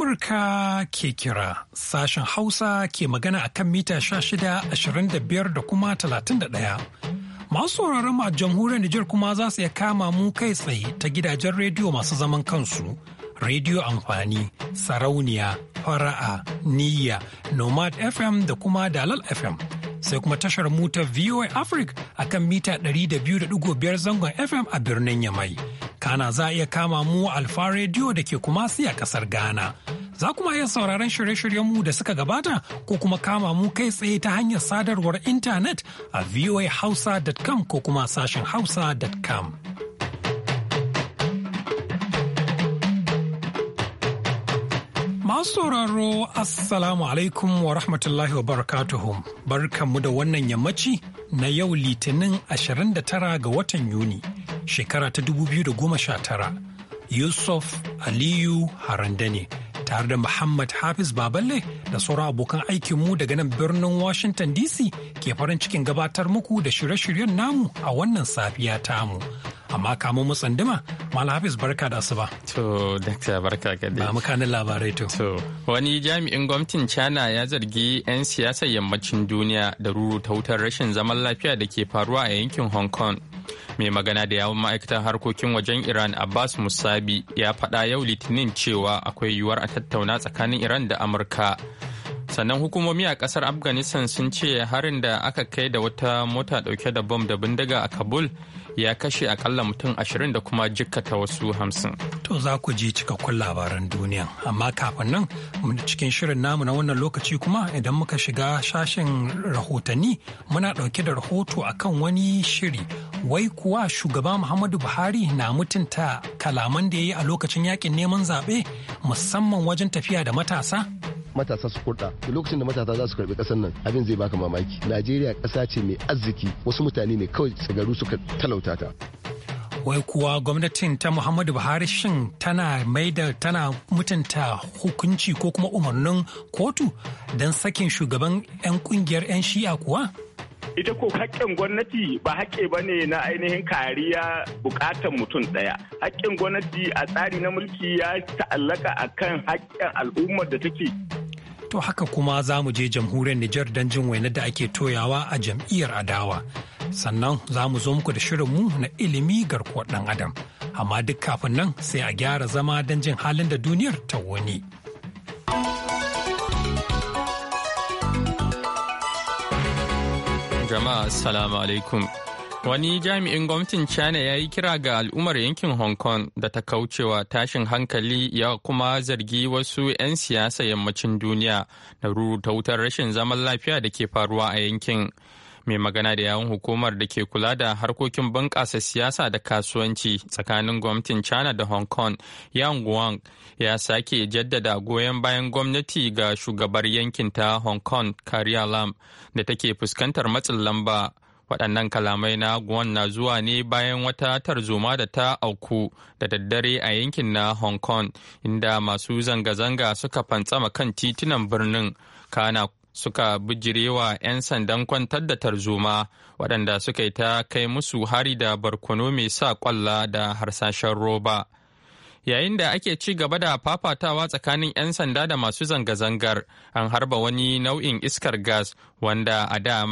Amurka ke kira sashen Hausa ke magana a kan mita 1625 da biyar, da kuma ɗaya. Masu sauraron a jamhuriyar Nijar kuma za su iya kama mu kai tsaye ta gidajen rediyo masu zaman kansu, rediyo amfani, sarauniya, fara'a, niyya, nomad FM da kuma dalal FM. sai kuma tashar mutar VOA Africa a kan mita 200.5 zangon FM a birnin Yamai. Kana za a iya kama mu Alfa Rediyo da ke kuma a kasar Ghana. Za kuma iya sauraron shirye-shiryen mu da suka gabata ko kuma kama mu kai tsaye ta hanyar sadarwar intanet a voahausa.com ko kuma sashen hausa.com. Masu sauraro Assalamu alaikum wa rahmatullahi wa barakatuhu. Barkanmu da wannan yammaci na yau Litinin 29 ga watan Yuni, shekara ta 2019. Yusuf Aliyu Harandane tare da Muhammad Hafiz Baballe da sauran abokan aikinmu daga nan birnin Washington DC ke farin cikin gabatar muku da shirye-shiryen namu a wannan safiya tamu. amma kamo mu tsanduma malam hafiz barka da asuba to dakta barka ka dai ba kanin labarai to to wani jami'in gwamnatin china ya zargi 'yan siyasar yammacin duniya da ruruta wutar rashin zaman lafiya da ke faruwa a yankin hong kong mai magana da yawon ma'aikatan harkokin wajen iran abbas musabi ya faɗa yau litinin cewa akwai yiwuwar a tattauna tsakanin iran da amurka sannan hukumomi a kasar afghanistan sun ce harin da aka kai da wata mota dauke da bom da bindiga a kabul ya kashe akalla mutum ashirin da kuma jikkata wasu hamsin. To za ku ji cikakkun labaran duniya, amma kafin nan cikin shirin namu na wannan lokaci kuma idan muka shiga sashen rahotanni muna dauke da rahoto akan wani shiri. Wai kuwa shugaba Muhammadu Buhari na mutunta kalaman da ya yi a lokacin yakin neman zaɓe musamman wajen tafiya da matasa? matasa su kurda da lokacin da matasa za su karbi kasar nan abin zai baka mamaki najeriya kasa ce mai arziki wasu mutane ne kawai tsagaru suka talauta ta wai kuwa gwamnatin ta muhammadu buhari shin tana mai da tana mutunta hukunci ko kuma umarnin kotu don sakin shugaban 'yan kungiyar 'yan shi'a kuwa ita ko haƙƙin gwamnati ba haƙƙi ba ne na ainihin kariya buƙatar mutum ɗaya haƙƙin gwamnati a tsari na mulki ya ta'allaka a kan haƙƙin al'ummar da take to haka kuma za mu je jamhuriyar Nijar don jin wainar da ake toyawa a jam'iyyar adawa sannan za mu zo muku da shirin mu na ilimi garkuwar ɗan adam amma duk kafin nan sai a gyara zama don jin halin da duniyar ta wani. jama'a assalamu alaikum. Wani jami'in gwamnatin China ya yi kira ga al'ummar yankin Hong Kong da ta kaucewa tashin hankali ya kuma zargi wasu 'yan siyasa yammacin duniya da ruruta wutar rashin zaman lafiya da ke faruwa a yankin. mai magana da yawun hukumar da ke kula da harkokin bunƙasa siyasa da kasuwanci tsakanin gwamnatin china da hong kong yang wang ya sake jaddada goyon bayan gwamnati ga shugabar yankin ta hong kong carrie lam da take fuskantar matsin lamba waɗannan kalamai na guan na zuwa ne bayan wata tarzoma da ta auku da daddare a yankin na hong kong inda masu zanga-zanga suka fantsama kan titunan birnin kana suka bijirewa 'yan sandan kwantar da tarzoma waɗanda suka yi ta kai musu hari da barkono mai sa kwalla da harsashen roba. yayin da ake ci gaba da fafatawa tsakanin 'yan sanda da masu zanga-zangar an harba wani nau'in iskar gas wanda a da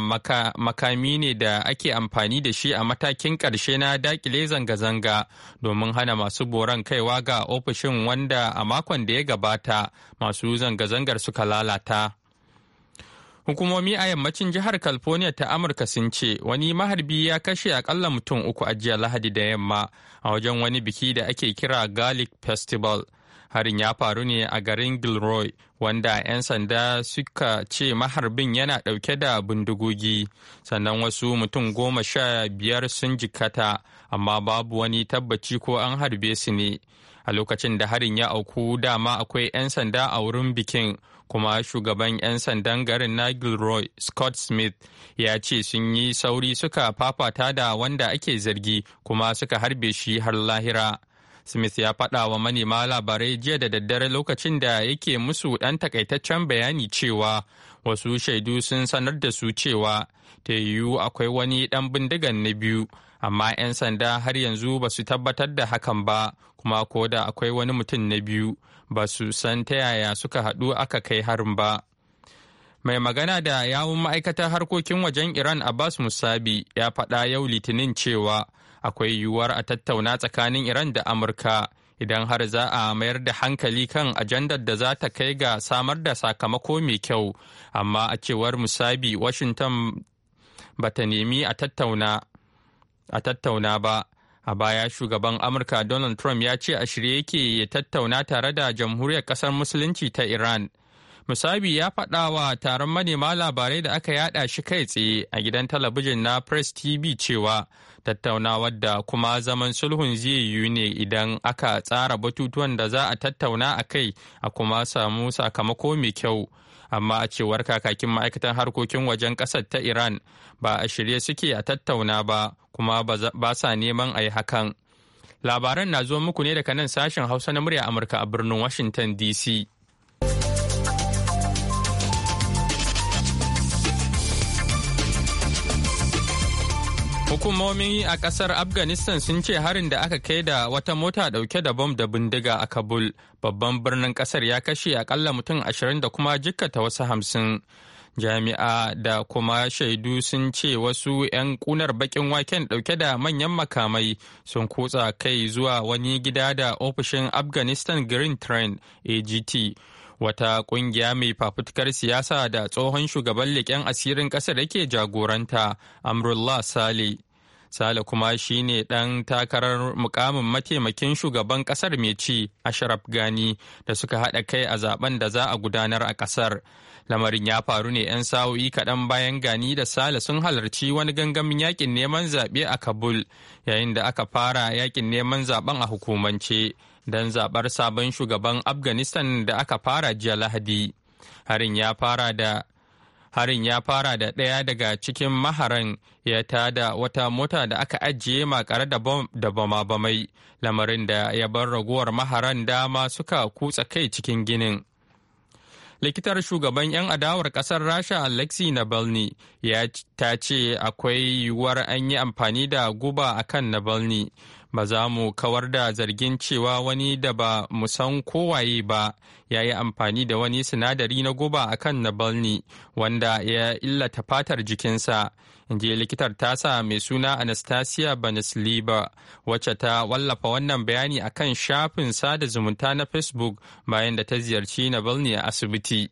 makami ne da ake amfani da shi a matakin ƙarshe na dakile zanga-zanga domin hana masu boran kaiwa ga ofishin wanda a makon da ya gabata masu zanga-zangar suka lalata. Hukumomi a yammacin jihar California ta Amurka sun ce wani maharbi ya kashe akalla mutum uku a jiya Lahadi da yamma a wajen wani biki da ake kira Garlic Festival. Harin ya faru ne a garin Gilroy, wanda 'yan sanda suka ce maharbin yana ɗauke da bindigogi, sannan wasu mutum goma sha biyar sun jikkata, amma babu wani tabbaci ko an harbe su ne. A lokacin da harin ya auku dama akwai 'yan sanda a wurin bikin kuma shugaban 'yan sandan garin nigel roy scott smith ya ce sun yi sauri suka fafata da wanda ake zargi kuma suka harbe shi har lahira smith ya faɗa wa manema labarai jiya da daddare lokacin da yake musu ɗan takaitaccen bayani cewa wasu shaidu sun sanar da su cewa ta yiwu akwai wani ɗan bindigan na biyu amma 'yan sanda har yanzu ba su tabbatar da hakan ba kuma ko da akwai wani mutum na biyu ba su san ta yaya suka haɗu aka kai harin ba. Mai magana da yawun ma'aikatar harkokin wajen Iran Abbas Musabi ya faɗa yau Litinin cewa akwai yiwuwar a tattauna tsakanin Iran da Amurka idan har za a mayar da hankali kan ajandar da za ta kai ga samar da sakamako mai kyau, amma a cewar Musabi Washington ba ta nemi a tattauna ba. A baya shugaban Amurka Donald Trump ya ce a shirye yake ya tattauna tare da jamhuriyar ƙasar Musulunci ta Iran. Musabi ya faɗa wa taron manema labarai da aka yada shi kai tsaye a gidan talabijin na Press TV cewa tattaunawar da kuma zaman sulhun zai yiwu ne idan aka tsara batutuwan da za a tattauna a kai a kuma samu sakamako mai kyau. Amma a cewar kakakin ma'aikatan harkokin wajen ƙasar ta Iran ba a shirye suke a tattauna ba. kuma ba sa neman a yi hakan labaran na zo muku ne daga nan sashen hausa na murya amurka a birnin washington dc Hukumomi a kasar Afghanistan sun ce harin da aka kai da wata mota dauke da bom da bindiga a Kabul, babban birnin kasar ya kashe akalla mutum ashirin da kuma jikkata wasu hamsin. jami'a da kuma shaidu sun ce wasu 'yan kunar bakin waken dauke da manyan makamai sun kutsa kai zuwa wani gida da ofishin afghanistan green train agt wata kungiya mai fafutukar siyasa da tsohon shugaban leƙen asirin ƙasar yake jagoranta amrullah sale Sale kuma shi ne ɗan takarar mukamin mataimakin shugaban ƙasar mai ci Ashraf Gani da suka haɗa kai a zaben da za a gudanar a ƙasar. Lamarin ya faru ne 'yan sa'o'i kaɗan bayan Gani da Sale sun halarci wani gangamin yakin neman zaɓe a Kabul yayin da aka fara yakin neman zaɓen a hukumance don zaɓar sabon shugaban Afghanistan da aka fara jiya Lahadi. Harin ya fara da harin ya fara da ɗaya daga cikin maharan ya da wata mota da aka ajiye makare da bama-bamai lamarin da ya bar raguwar maharan dama suka kutsa kai cikin ginin likitar shugaban 'yan adawar kasar rasha alexei navalny ya ta ce akwai yiwuwar an yi amfani da guba akan navalny ba za mu kawar da zargin cewa wani da ba mu san kowaye ba ya yi amfani da wani sinadari na guba a kan nabalni wanda ya illata fatar jikinsa ji likitar tasa mai suna anastasia banisliba wacce ta wallafa wannan bayani a kan shafin sada zumunta na facebook bayan da ta ziyarci nabalni a asibiti.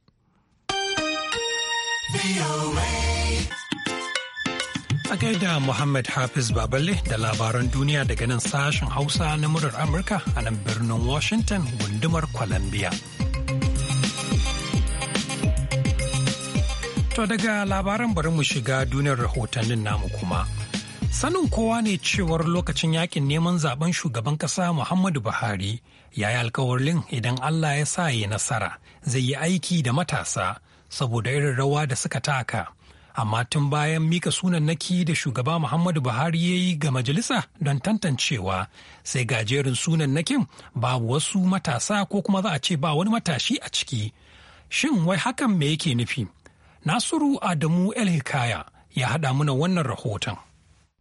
A gaida Muhammad Hafiz Baballe da labaran duniya daga nan sashen Hausa na murar Amurka a nan birnin Washington gundumar Columbia. To daga labaran bari mu shiga duniyar rahotannin namu kuma. Sanin kowa ne cewar lokacin yakin neman zaben shugaban kasa Muhammadu Buhari ya yi alkawarin idan Allah ya sa yi nasara zai yi aiki da matasa saboda irin rawa da suka taka amma tun bayan mika sunan naki da shugaba muhammadu buhari ya yi ga majalisa don tantancewa sai gajerin nakin babu wasu matasa ko kuma za a ce ba wani matashi a ciki shin wai hakan me yake nufi nasiru adamu el hikaya ya haɗa mana wannan rahoton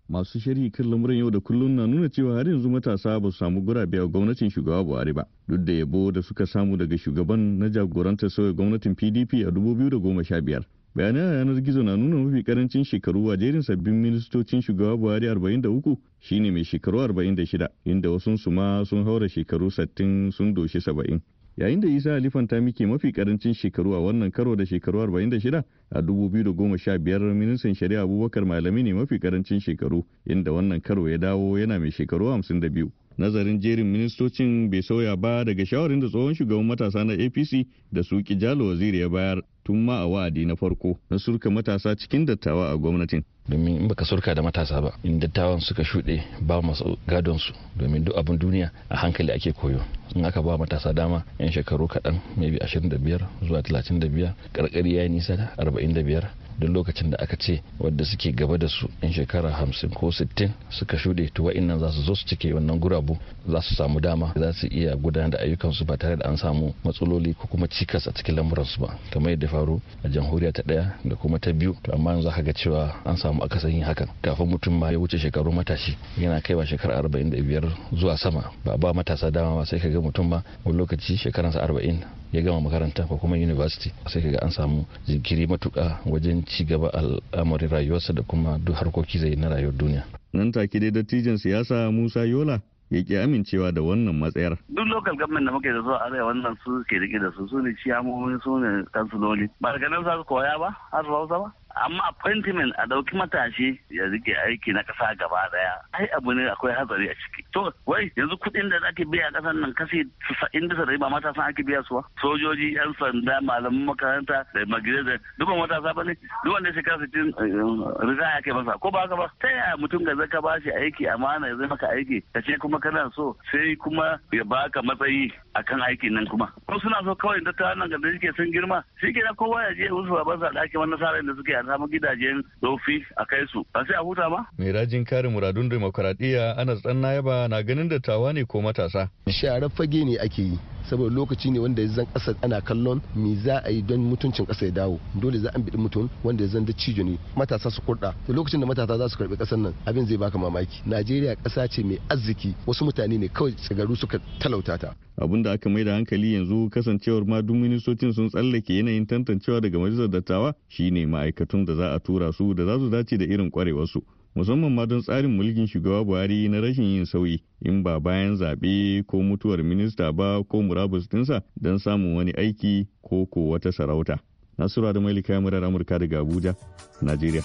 masu shiri kan lamuran yau da kullum na nuna cewa har yanzu matasa ba su samu gurabe a gwamnatin shugaba buhari ba duk da yabo da suka samu daga shugaban na jagorantar sauya gwamnatin pdp a dubu biyu da goma sha biyar. bayanai a yanar gizo na nuna mafi karancin shekaru a jerin sabbin ministocin shugaba buhari 43 shine mai shekaru 46 inda wasu su ma sun haura shekaru 60 sun doshi 70 yayin da isa alifan ta mike mafi karancin shekaru a wannan karo da shekaru 46 a 2015 ministan shari'a abubakar malami ne mafi karancin shekaru inda wannan karo ya dawo yana mai shekaru 52 nazarin jerin ministocin bai sauya ba daga shawarin da tsohon shugaban matasa na apc da su jalo waziri ya bayar tun ma a wa'adi na farko na surka matasa cikin dattawa a gwamnatin domin in baka surka da matasa ba in dattawan suka shuɗe ba masu gadon su domin duk abin duniya a hankali ake koyo in aka ba matasa dama yan shekaru kaɗan maybe 25 zuwa 35 karkari ya yi nisa saba'in da biyar duk lokacin da aka ce wadda suke gaba da su in shekara hamsin ko sittin suka shuɗe to wa'innan za su zo su cike wannan gurabu za su samu dama za su iya gudanar da ayyukansu ba tare da an samu matsaloli ko kuma cikas a cikin lamuransu ba kamar yadda faru a jamhuriya ta ɗaya da kuma ta biyu to amma za ka ga cewa an samu akasarin hakan kafin mutum ma ya wuce shekaru matashi yana kaiwa shekara arba'in da biyar zuwa sama ba ba matasa dama ba sai ka ga mutum ma wani lokaci shekaransa arba'in ya gama makaranta ko kuma university sai ka ga an samu jinkiri matuka wajen ci gaba al'amarin rayuwarsa da kuma duk harkoki zai na rayuwar duniya. Nan take dai dattijan siyasa Musa Yola ya ki amincewa da wannan matsayar. Duk lokal government da muke da su a arewa wannan su ke rike da su su ne ciyamomi su ne kansuloli. Ba daga nan za su koya ba har su hausa ba. amma appointment a dauki matashi ya rike aiki na kasa gaba daya ai abu ne akwai hatsari a ciki to wai yanzu kuɗin da zaki biya kasan nan kasi sa'in da sarai ba matasan ake biya su sojoji yan sanda malaman makaranta da magireza duba matasa ba ne duk wanda shekara sittin eh, riga ya kai masa ko ba haka ba ta yaya mutum ga zaka ba shi aiki amana ya zai maka aiki kace kuma kana so sai kuma ya baka matsayi akan aikin nan kuma ko suna so kawai da ta nan da suke sun girma shi ke kowa ya je wasu babban sa ɗakin wani nasara da suke a samu gidajen dofi a kai su ba sai a huta ba. mai rajin kare muradun dimokuraɗiyya ana tsanna yaba na ganin dattawa ne ko matasa. sharar fage ne ake yi saboda lokaci ne wanda zan kasa ana kallon me za a yi don mutuncin kasa ya dawo dole za a bi mutum wanda zan da cijo ne matasa su kurda to lokacin da matasa za su karbi kasar nan abin zai baka mamaki Najeriya kasa ce mai arziki wasu mutane ne kawai tsagaru suka talauta ta abin da aka maida hankali yanzu kasancewar ma duk ministocin sun tsallake yanayin tantancewa daga majalisar dattawa shine ma'aikatun da za a tura su da za su dace da irin kwarewarsu musamman ma don tsarin mulkin shugaba buhari na rashin yin sauyi in ba bayan zaɓe ko mutuwar minista ba ko murabus dinsa don samun wani aiki ko ko wata sarauta nasura da mailika murar amurka daga abuja najeriya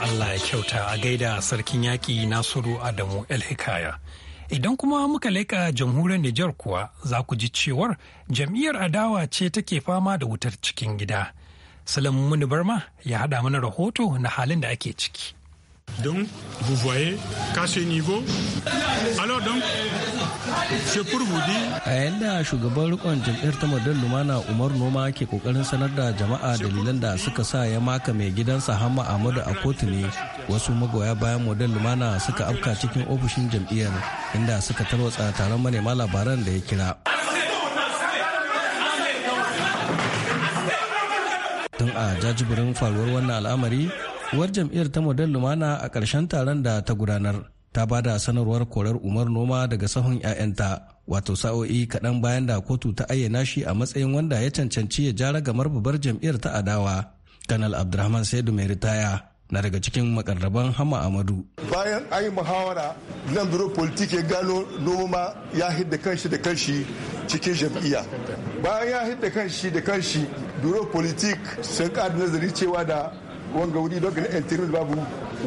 Allah ya kyauta a gaida sarkin yaƙi Nasiru Adamu El Hikaya. Idan kuma muka leƙa jamhuriyar Nijar kuwa za ku ji cewar jam'iyyar adawa ce take fama da wutar cikin gida. Salamu Barma ya haɗa mana rahoto na halin da ake ciki. Donc, vous voyez qu'à ce niveau, alors donc, c'est pour vous dire. A yadda shugaban rikon jam'iyyar ta Model Lumana Umar Noma ke kokarin sanar da jama'a dalilan da suka sa ya maka mai gidansa Hamma Ahmadu a kotu ne wasu magoya bayan Model Lumana suka afka cikin ofishin jam'iyyar inda suka tarwatsa taron manema labaran da ya kira. Tun a jajibirin faruwar wannan al'amari uwar jam'iyyar ta model lumana a ƙarshen taron da ta gudanar ta ba da sanarwar korar umar noma daga sahun 'ya'yanta wato sa'o'i kaɗan bayan da kotu ta ayyana shi a matsayin wanda ya cancanci ya jara ragamar babbar jam'iyyar ta adawa kanal abdurrahman saidu mai ritaya na daga cikin makarraban hama amadu bayan ayi muhawara nan biro politik ya gano noma ya hidda kanshi da kanshi cikin jam'iyya bayan ya hidda kanshi da kanshi biro politik sun ƙara nazari cewa da wanga wuri don na babu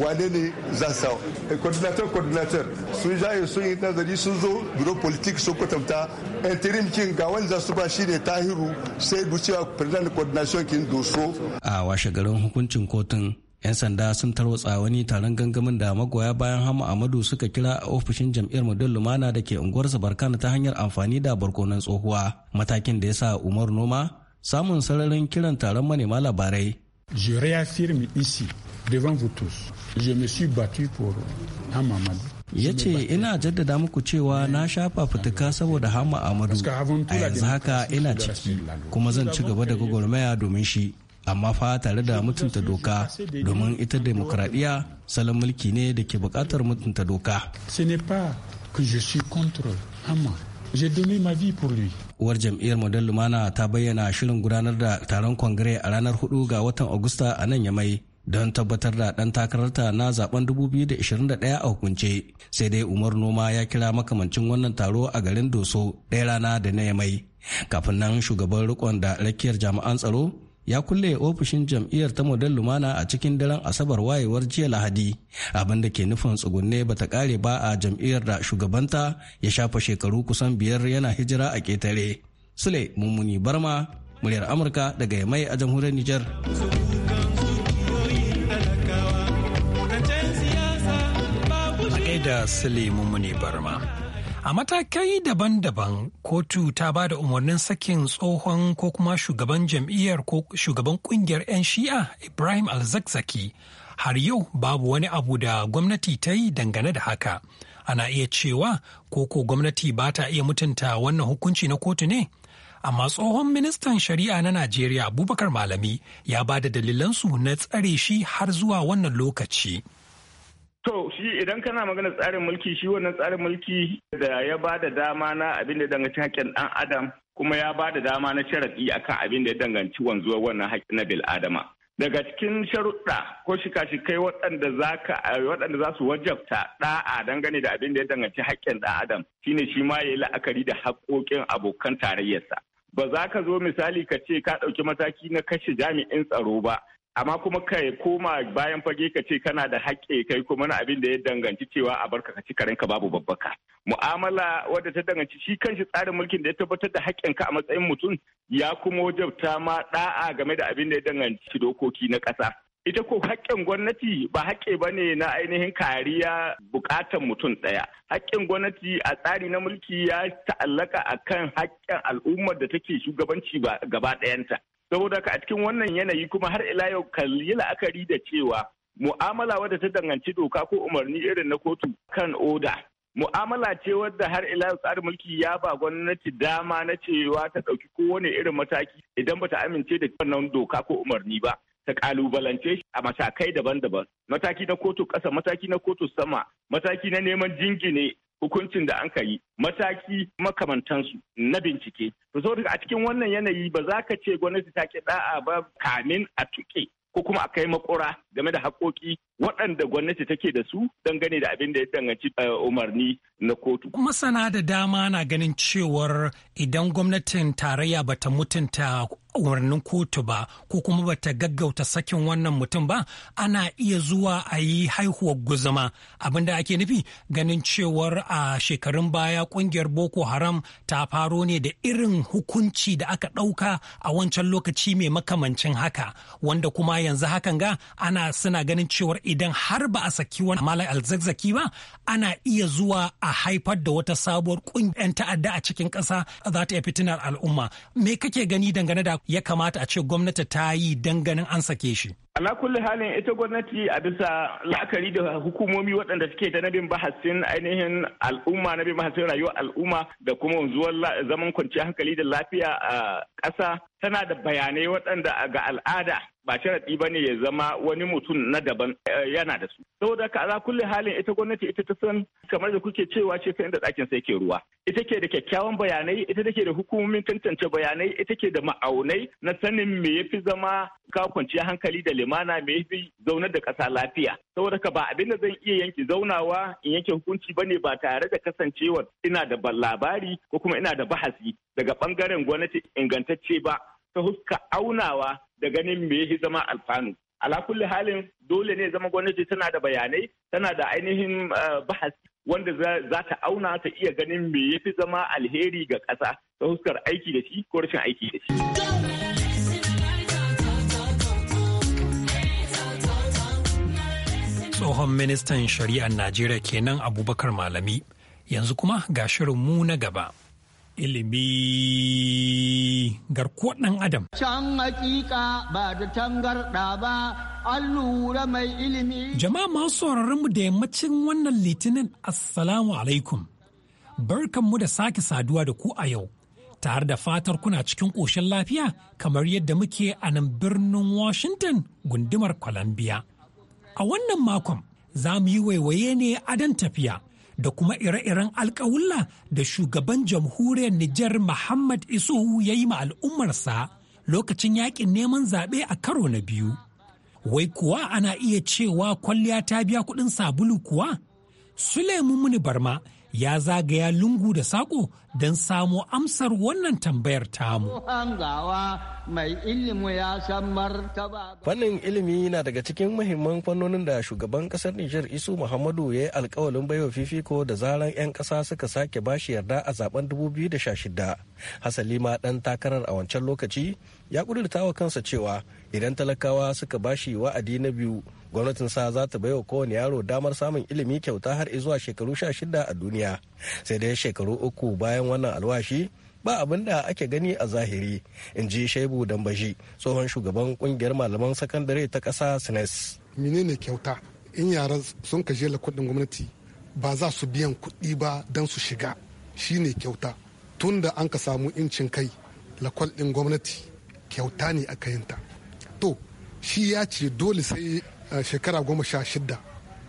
wane ne za su eh, coordinator coordinator sun jaye sun yi nazari sun zo biro politik sun kwatanta interim kin ga wani za su ba shi ne tahiru sai bucewa president coordination kin doso a washe garin hukuncin kotun 'yan sanda sun tarwatsa wani taron gangamin da magoya bayan hama amadu suka kira a ofishin jam'iyyar model lumana da ke unguwar barkana ta hanyar amfani da barkonan tsohuwa matakin da ya sa umar noma samun sararin kiran taron manema labarai Je réaffirme ici devant vous tous, je me suis battu pour Hamamadou. ya ce ina jaddada muku cewa na shafa fituka saboda hama amadu a yanzu haka ina ciki kuma zan ci gaba da gwagwarmaya domin shi amma fa tare da mutunta doka domin ita demokradiyya salon mulki ne da ke bukatar mutunta doka. Ce n'est pas que je suis contre Hama. J'ai donné ma vie pour lui. Uwar jam'iyyar Model Lumana ta bayyana shirin gudanar da taron kwangire a ranar 4 ga watan Agusta a nan Yamai don tabbatar da ɗan takararta na zaben 2021 a hukunce. Sai dai Umar Noma ya kira makamancin wannan taro a garin Doso ɗaya rana da na Yamai. Kafin nan shugaban rikon da rakiyar jami'an tsaro ya kulle ofishin jam'iyyar ta model lumana a cikin daren asabar wayewar jiya lahadi abin da ke nufin tsugunne ba ta kare ba a jam'iyyar da shugabanta ya shafa shekaru kusan biyar yana hijira a ketare sule mummuni barma muryar amurka daga yamai a jamhuriyar niger da sule mummuni barma A matakai daban-daban kotu ta ba da umarnin sakin tsohon ko kuma shugaban jam'iyyar ko shugaban kungiyar 'yan shi'a Ibrahim Alzakzaki har yau babu wani abu da gwamnati ta yi dangane da haka. Ana iya cewa ko ko gwamnati ba ta iya mutunta wannan hukunci na kotu ne? Amma tsohon ministan shari'a na Najeriya Abubakar Malami ya ba da dalilansu na tsare shi har zuwa wannan lokaci. To shi idan kana magana tsarin mulki shi wannan tsarin mulki da ya ba da dama na abin da danganci haƙƙin ɗan adam kuma ya ba da dama na sharaɗi akan abin da ya danganci wanzuwar wannan haƙƙi na bil adama. Daga cikin sharuɗa ko shika-shikai waɗanda za waɗanda za su wajabta ɗa'a dangane da abin da ya danganci haƙƙin ɗan adam shine shi ma ya yi la'akari da haƙƙoƙin abokan tarayyarsa. Ba za ka zo misali ka ce ka ɗauki mataki na kashe jami'in tsaro ba amma kuma ka koma bayan fage ka ce kana da haƙƙi kai kuma na abin da ya danganci cewa a barka ka ci ka babu babbaka mu'amala wadda ta danganci shi kanshi tsarin mulkin da ya tabbatar da ka a matsayin mutum ya kuma wajabta ma da'a game da abin da ya danganci dokoki na ƙasa ita ko haƙƙin gwamnati ba haƙƙi ba ne na ainihin kariya buƙatan mutum ɗaya haƙƙin gwamnati a tsari na mulki ya ta'allaka akan haƙƙin al'ummar da take shugabanci gaba ɗayanta saboda ka a cikin wannan yanayi kuma har ila yau kalli la'akari da cewa mu'amala wadda ta danganci doka ko umarni irin na kotu kan oda mu'amala ce wadda har ila tsarin mulki ya ba gwamnati dama na cewa ta ɗauki kowane irin mataki idan bata amince da wannan doka ko umarni ba ta kalubalance shi a matakai daban-daban mataki na kotu ƙasa mataki na kotu sama mataki na neman jingine hukuncin da an yi mataki makamantansu na bincike. To saboda a cikin wannan yanayi ba za ka ce gwamnati ta ke da'a ba kamin a tuke ko kuma a kai makura game da haƙoƙi waɗanda gwamnati take da su gane da abin da ya danganci eh, umarni na kotu. Masana da dama na ganin cewar idan gwamnatin tarayya bata mutunta umarnin kotu ba ko kuma bata gaggauta sakin wannan mutum ba ana iya zuwa a yi haihuwar guzuma Abin da ake nufi ganin cewar a shekarun baya kungiyar boko haram ta faro ne da irin hukunci da aka ɗauka a wancan lokaci mai makamancin haka wanda kuma yanzu hakan ga ana suna ganin cewar idan har ba a saki wani malam alzazzaki ba ana iya zuwa a haifar da wata sabuwar 'yan ta'adda a cikin ƙasa za ta iya fitinar al'umma me kake gani dangane da ya kamata a ce gwamnati ta yi danganin an sake shi ala kulli halin ita gwamnati a bisa la'akari da hukumomi waɗanda suke da nabin bahasin ainihin al'umma nabin bahasin rayuwar al'umma da kuma wanzuwar zaman kwanciyar hankali da lafiya a ƙasa tana da bayanai waɗanda ga al'ada ba sharaɗi ba ne ya zama wani mutum na daban eh, yana da su. Saboda ka za kulle halin ita gwamnati ita ta san kamar da kuke cewa ce sai inda ɗakin sai ke ruwa. Ita ke da kyakkyawan bayanai, ita take da hukumomin tantance bayanai, ita ke da ma'aunai na sanin me ya fi zama ka kwanciya hankali da limana me ya fi zaunar da ƙasa lafiya. Saboda ka ba abin da zan iya yanke zaunawa in yanke hukunci ba ne ba tare da kasancewa ina da labari ko kuma ina da bahasi daga ɓangaren gwamnati ingantacce ba ta huska aunawa da ganin me yake zama alfanu ala kulli halin dole ne zama gwamnati tana da bayanai tana da ainihin eh, bahas wanda za ta auna ta iya ganin me yafi zama alheri ga ƙasa ta huskar aiki da shi ko rashin aiki da shi tsohon ministan shari'ar najeriya kenan abubakar malami yanzu kuma ga shirinmu na gaba ilimi garkuwar ɗan adam. Can hakika ba da tangarɗa ba, an lura mai ilimi. Jama'a masu mu da yammacin wannan litinin Assalamu alaikum. barkan mu da sake saduwa da ku a yau, tare da fatar kuna cikin ƙoshin lafiya kamar yadda muke a nan birnin Washington gundumar Columbia. A wannan makon, za mu yi waiwaye ne a tafiya. da kuma ire-iren alkawulla da shugaban jamhuriyar Nijar Muhammad Isuhu ya yi ma al'ummarsa lokacin yakin neman zaɓe a karo na biyu. Wai kuwa ana iya cewa kwalliya ta biya kuɗin sabulu kuwa? Sulemu Muni Barma ya zagaya lungu da sako don samo amsar wannan tambayar tamu. Fannin ilimi na daga cikin muhimman fannonin da shugaban kasar Nijar Isu Muhammadu ya yi alkawalin baiwa fifiko da zaran 'yan kasa suka sake bashi yarda a zaben 2016. Hasali ma ɗan takarar a wancan lokaci ya kudurta wa kansa cewa idan talakawa suka bashi wa'adi na biyu gwamnatin sa za ta baiwa kowane yaro damar samun ilimi kyauta har zuwa shekaru sha shida a duniya sai dai shekaru uku bayan wannan alwashi ba abin da ake gani a zahiri in ji shaibu dambashi tsohon shugaban kungiyar malaman sakandare ta ƙasa sines e menene kyauta in yara sun ka la kudin gwamnati ba za su biyan kuɗi ba don su shiga shine kyauta tun da an ka samu incin kai lakwal ɗin gwamnati kyauta ne aka yinta to shi ya ce dole sai shekara goma sha shidda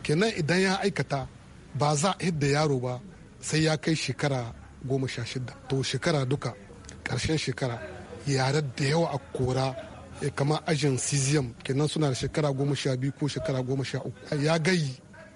kenan idan ya aikata ba za a hidda yaro ba sai ya kai shekara goma sha shidda to shekara duka ƙarshen shekara yare da yawa a kora eh, kamar ajin cesium kenan suna da shekara goma sha biyu ko shekara goma sha uku ya gayi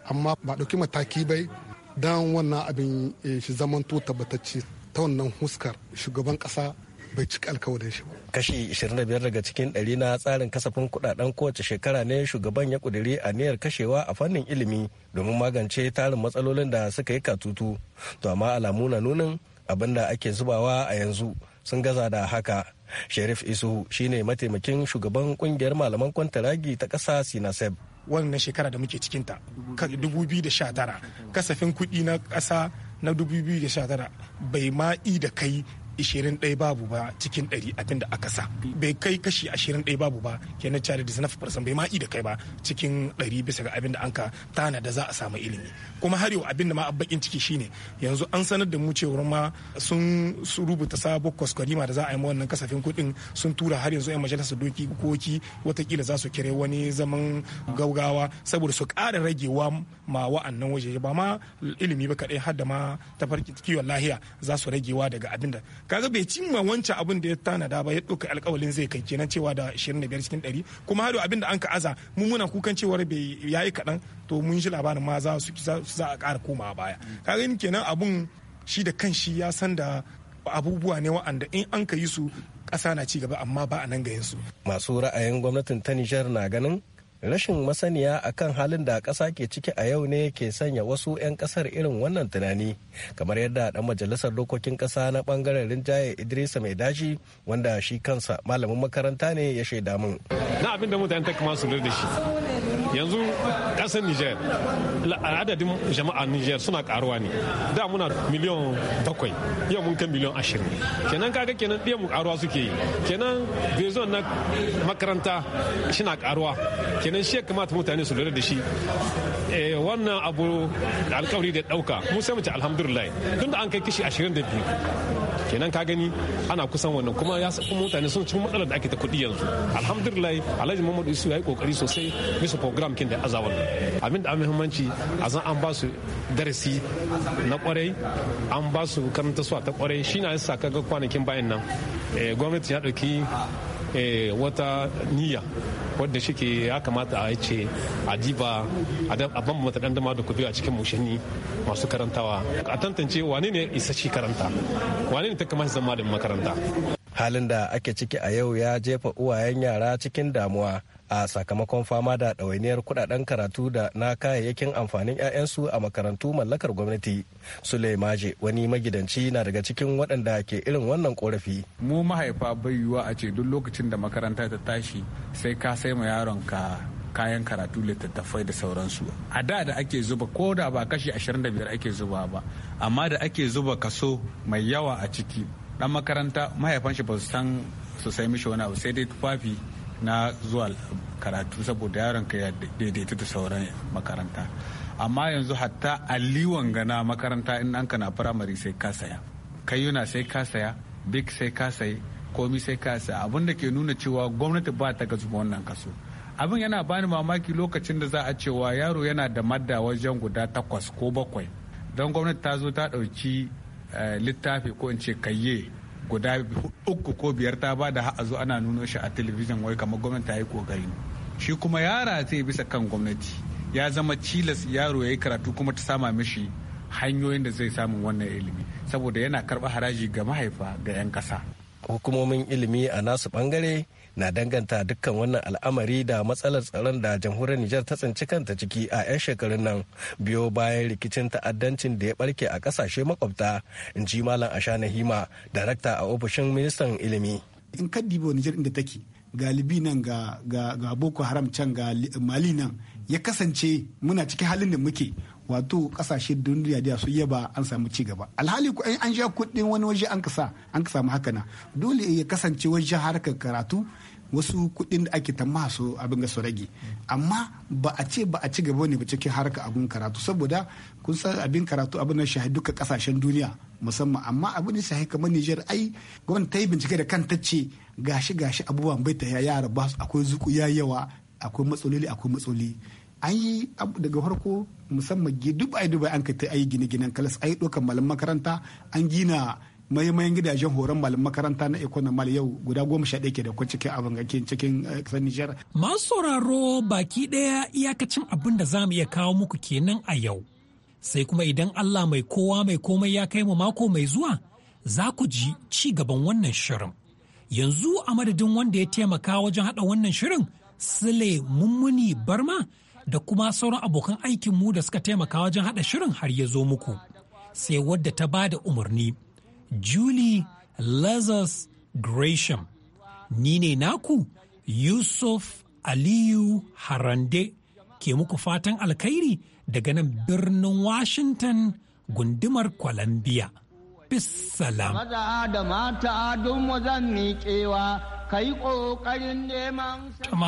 amma ba ɗauki mataki bai don wannan abin eh, shi zamanto tabbatacce ta wannan huskar shugaban ƙasa bai cika da shi ba. Kashi 25 daga cikin ɗari na tsarin kasafin kuɗaɗen kowace shekara ne shugaban ya ƙudiri aniyar kashewa a fannin ilimi domin magance tarin matsalolin da suka yi katutu. To amma alamu na nunin abin da ake zubawa a yanzu sun gaza da haka. Sherif Isu shine mataimakin shugaban kungiyar malaman kwantaragi ta ƙasa Sinaseb. Wannan shekara da muke cikinta, 2019, kasafin kuɗi na ƙasa na 2019 bai maƙi da kai ɗaya babu ba cikin da aka sa bai kai kashi ashirin ɗaya babu ba kenan cari da sanafa farsan bai ma'i da kai ba cikin ɗari bisa ga abin da an ka tana da za a samu ilimi kuma har yau abin da ma bakin ciki shine yanzu an sanar da mu cewar ma sun rubuta sabon kwaskwarima da za a yi wannan kasafin kuɗin sun tura har yanzu 'yan majalisar doki koki watakila za su kire wani zaman gaugawa saboda su ƙara ragewa ma wa'annan waje ba ma ilimi ba kaɗai har da ma tafarki kiwon lahiya za su ragewa daga abin da kaga bai cimma wancan abin da ya tanada ba ya ɗauka alkawalin zai kai kenan cewa da 25 cikin 100 kuma hado abin da an ka aza mu muna kukan cewar bai yayi kaɗan to mun shi labarin ma za su za a ƙara koma a baya kaga ni kenan abun shi da kan shi ya san da abubuwa ne wa'anda in an ka yi su ƙasa na ci gaba amma ba a nan gayin su masu ra'ayin gwamnatin ta Nijar na ganin rashin masaniya a kan halin da ƙasa ke ciki a yau ne ke sanya wasu 'yan ƙasar irin wannan tunani kamar yadda ɗan majalisar dokokin ƙasa na ɓangaren rinjaye idrisa mai daji wanda shi kansa malamin makaranta ne ya shaida min na abin mutane ta kama su da shi yanzu kasar niger adadin jama'a niger suna karuwa ne da muna miliyan bakwai yau mun kai miliyan ashirin kenan kaga kenan ɗaya mu karuwa suke yi kenan bezon na makaranta shina karuwa kenan shi ya kamata mutane su lura da shi eh, wannan abu alkawari da ɗauka mu sai mu alhamdulillah tunda an kai kishi ashirin da biyu kenan ka gani ana kusan wannan kuma ya kuma mutane sun cikin matsalar da ake ta kuɗi yanzu alhamdulillah alhaji muhammadu isu ya yi kokari sosai bisa program kin da ya aza wannan abin da an muhimmanci a zan an ba su darasi na kwarai an ba su karanta suwa ta kwarai shi na yasa kaga kwanakin bayan nan eh, gwamnati ya ɗauki Eh, wata niyya wadda shi ke ya kamata a ce a diba a mata dan dama da kubewa a cikin mushanni masu karantawa a tantance wane ne isa shi karanta wane ne ta kama zama malamin makaranta halin da ake ciki a yau ya jefa uwayen yara cikin damuwa a sakamakon fama da ɗawainiyar kudaden karatu da na kayayyakin amfanin 'ya'yansu a makarantu mallakar gwamnati maje wani magidanci na daga cikin waɗanda ke irin wannan korafi mu mahaifa bai a ce duk lokacin da makaranta ta tashi sai ka sai ma yaron ka kayan karatu littattafai da sauransu a da da ake zuba ko da ba kashi 25 ake zuba ba amma da ake zuba kaso mai yawa a ciki dan makaranta mahaifan shi ba su san su sai mishi wani abu sai dai tufafi na zuwa karatu saboda yaron ka ya daidaita da sauran makaranta amma yanzu hatta aliwan gana makaranta in an kana firamare sai ka saya kayuna sai ka saya big sai ka sayi komi sai ka saya abin da ke nuna cewa gwamnati ba ta gazu wannan kaso abin yana bani mamaki lokacin da za a cewa yaro yana da madda wajen guda takwas ko bakwai don gwamnati ta zo ta ɗauki Eh, littafi ko in ce kayye guda uku ko biyar ta ba da a zo ana nuno shi a talabijin wai kamar gwamnati ta yi kokari shi kuma yara zai bisa kan gwamnati ya zama cilas yaro ya yi karatu kuma ta sama mishi hanyoyin da zai samu wannan ilimi saboda yana karɓa haraji ga mahaifa ga 'yan ƙasa hukumomin ilimi a nasu ɓangare na danganta dukkan wannan al'amari da matsalar tsaron da jamhuriyar Nijar ta tsinci kanta ciki a 'yan shekarun nan biyo bayan rikicin ta'addancin da ya barke a kasashe makwabta in ji Malam na Hima, darakta a ofishin ministan ilimi. In ka dibo Nijar inda take galibi nan ga, ga, ga Boko Haram can ga Mali nan ya kasance muna cikin halin da muke wato kasashe duniya da su yaba an samu ci gaba alhali ku an sha kuɗin wani waje an kasa an ka samu haka na dole ya kasance wajen harkar karatu wasu kuɗin da ake ta masu abin ga su rage amma ba a ce ba a ci gaba ne ba cikin harka abin karatu saboda kun san abin karatu abin na shahi duka kasashen duniya musamman amma abin da shahi kamar Niger ai gwamnati ta yi bincike da kanta ce gashi gashi abubuwan bai ta yara ba akwai zuku ya yawa akwai matsaloli akwai matsaloli an yi daga farko musamman dubai dubai an kai ta ayi gine-ginen kalas yi ɗaukar malam makaranta an gina mahimmayin gidajen horon makaranta na ekonomal yau guda goma sha ɗaya ke da cikin abin gakin cikin eh, ƙasar Nijar. Masu sauraro baki ɗaya iyakacin abin da za mu iya kawo muku kenan a yau. Sai kuma idan Allah mai kowa mai komai ya kai mu mako mai zuwa za ku ji ci gaban wannan shirin. Yanzu a madadin wanda ya taimaka wajen haɗa wannan shirin Sule Mummuni Barma da kuma sauran abokan aikinmu da suka taimaka wajen haɗa shirin har ya zo muku. Sai wadda ta ba da umarni. Julie Lazarus Gresham. Ni ne naku Yusuf Aliyu Harande ke muku fatan alkhairi daga nan birnin Washington gundumar Columbia. bisalam. Maza da mata zan miƙewa kai ƙoƙarin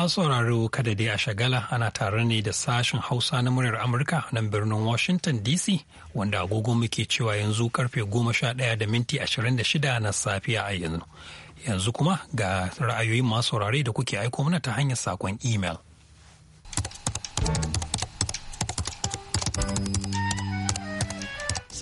sauraro kada dai a shagala ana tare ne da sashen Hausa na muryar Amurka nan birnin Washington DC wanda agogo muke cewa yanzu karfe goma sha ɗaya da minti ashirin da shida na safiya a yanzu. Yanzu kuma ga ra'ayoyin masu saurare da kuke aiko mana ta hanyar sakon imel.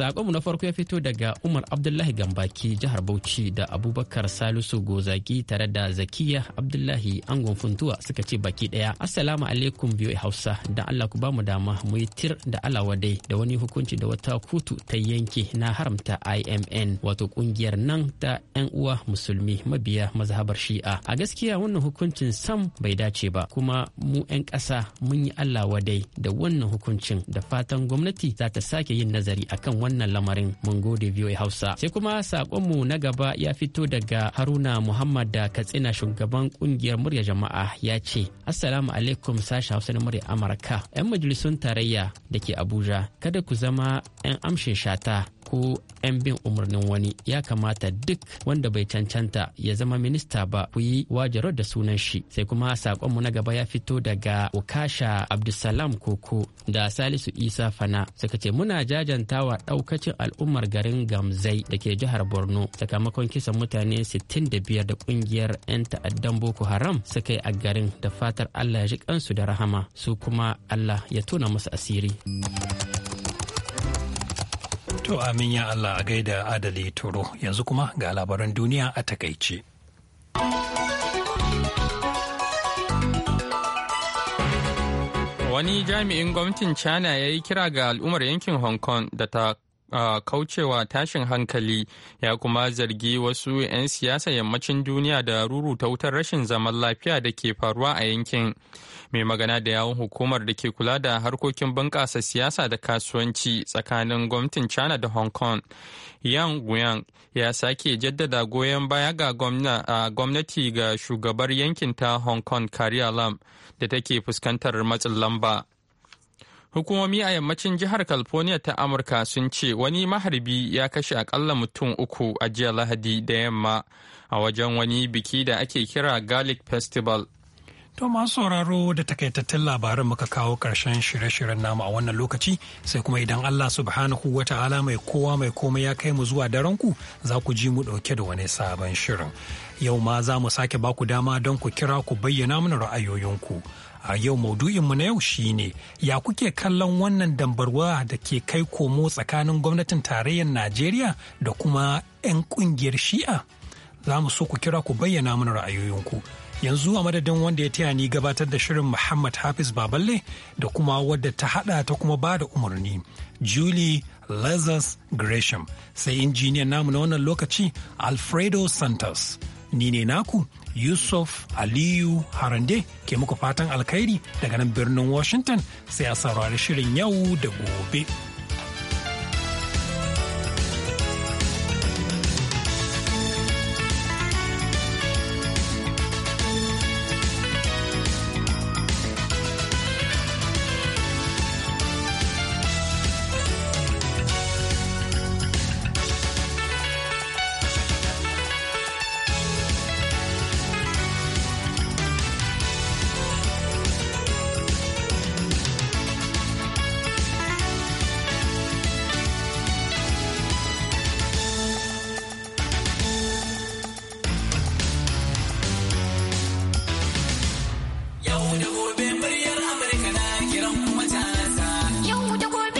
Sakonmu na farko ya fito daga Umar Abdullahi Gambaki jihar Bauchi da Abubakar Salisu Gozaki tare da Zakiya Abdullahi Angon Funtuwa suka ce baki ɗaya. Assalamu alaikum biyu Hausa Da Allah ku bamu dama mu yi tir da alawa dai da wani hukunci da wata kotu ta yanke na haramta IMN wato ƙungiyar nan ta yan uwa musulmi mabiya mazhabar Shi'a. A gaskiya wannan hukuncin sam bai dace ba kuma mu yan ƙasa mun yi Allah wadai da wannan hukuncin da fatan gwamnati za ta sake yin nazari akan wannan wannan lamarin mun gode VOA Hausa sai kuma sakonmu na gaba ya fito daga Haruna Muhammad da Katsina shugaban ƙungiyar murya jama'a ya ce Assalamu alaikum sashi Hausa na murya Amurka yan majalisun tarayya da ke Abuja kada ku zama yan amshin shata ko 'yan bin umarnin wani ya kamata duk wanda bai cancanta ya zama minista ba ku yi wajaro da sunan shi sai kuma sakonmu na gaba ya fito daga ukasha abdulsalam koko da salisu isa fana suka ce muna jajantawa daukacin al'ummar garin gamzai da ke jihar borno sakamakon kisan mutane 65 da kungiyar 'yan ta'addan boko haram suka yi a garin da fatar allah ya ji kansu da rahama su kuma allah ya tona musu asiri. To amin ya Allah a gaida adali toro yanzu kuma ga labaran duniya a takaice. Wani jami'in gwamnatin China ya yi kira ga al'ummar yankin Hong Kong da ta a kaucewa tashin hankali ya kuma zargi wasu 'yan siyasa yammacin duniya da ruruta wutar rashin zaman lafiya da ke faruwa a yankin mai magana da yawon hukumar da ke kula da harkokin bunƙasa siyasa da kasuwanci tsakanin gwamnatin china da hong kong yang guyan ya sake jaddada goyon baya ga gwamnati ga shugabar yankin ta hong kong lam da take fuskantar matsin lamba Hukumomi a yammacin jihar California ta Amurka sun ce wani maharbi ya kashe akalla mutum uku a jiya Lahadi da yamma a wajen wani biki da ake kira Garlic Festival. To masu sauraro da takaitattun labarin muka kawo ƙarshen shirye-shiryen namu a wannan lokaci sai kuma idan Allah subhanahu wa ta'ala mai kowa mai komai ya kai mu zuwa daren ku za ku ji mu ɗauke da wani sabon shirin. Yau ma za mu sake baku dama don ku kira ku bayyana mana ra'ayoyinku. A yau maudu'inmu na yau shine ya kuke kallon wannan dambarwa da ke kai komo tsakanin gwamnatin tarayyar Najeriya da kuma 'yan kungiyar shi'a? Za mu so ku kira ku bayyana mana ra'ayoyinku. Yanzu a madadin wanda ya taya ni gabatar da shirin Muhammad Hafiz Baballe da kuma wadda ta hada ta kuma ba da umarni. Julie Lazarus Gresham sai injiniyan namu na wannan lokaci Alfredo Santos. ni ne naku yusuf aliyu harande ke muku fatan alkhairi daga nan birnin washington sai a saurari shirin yau da gobe.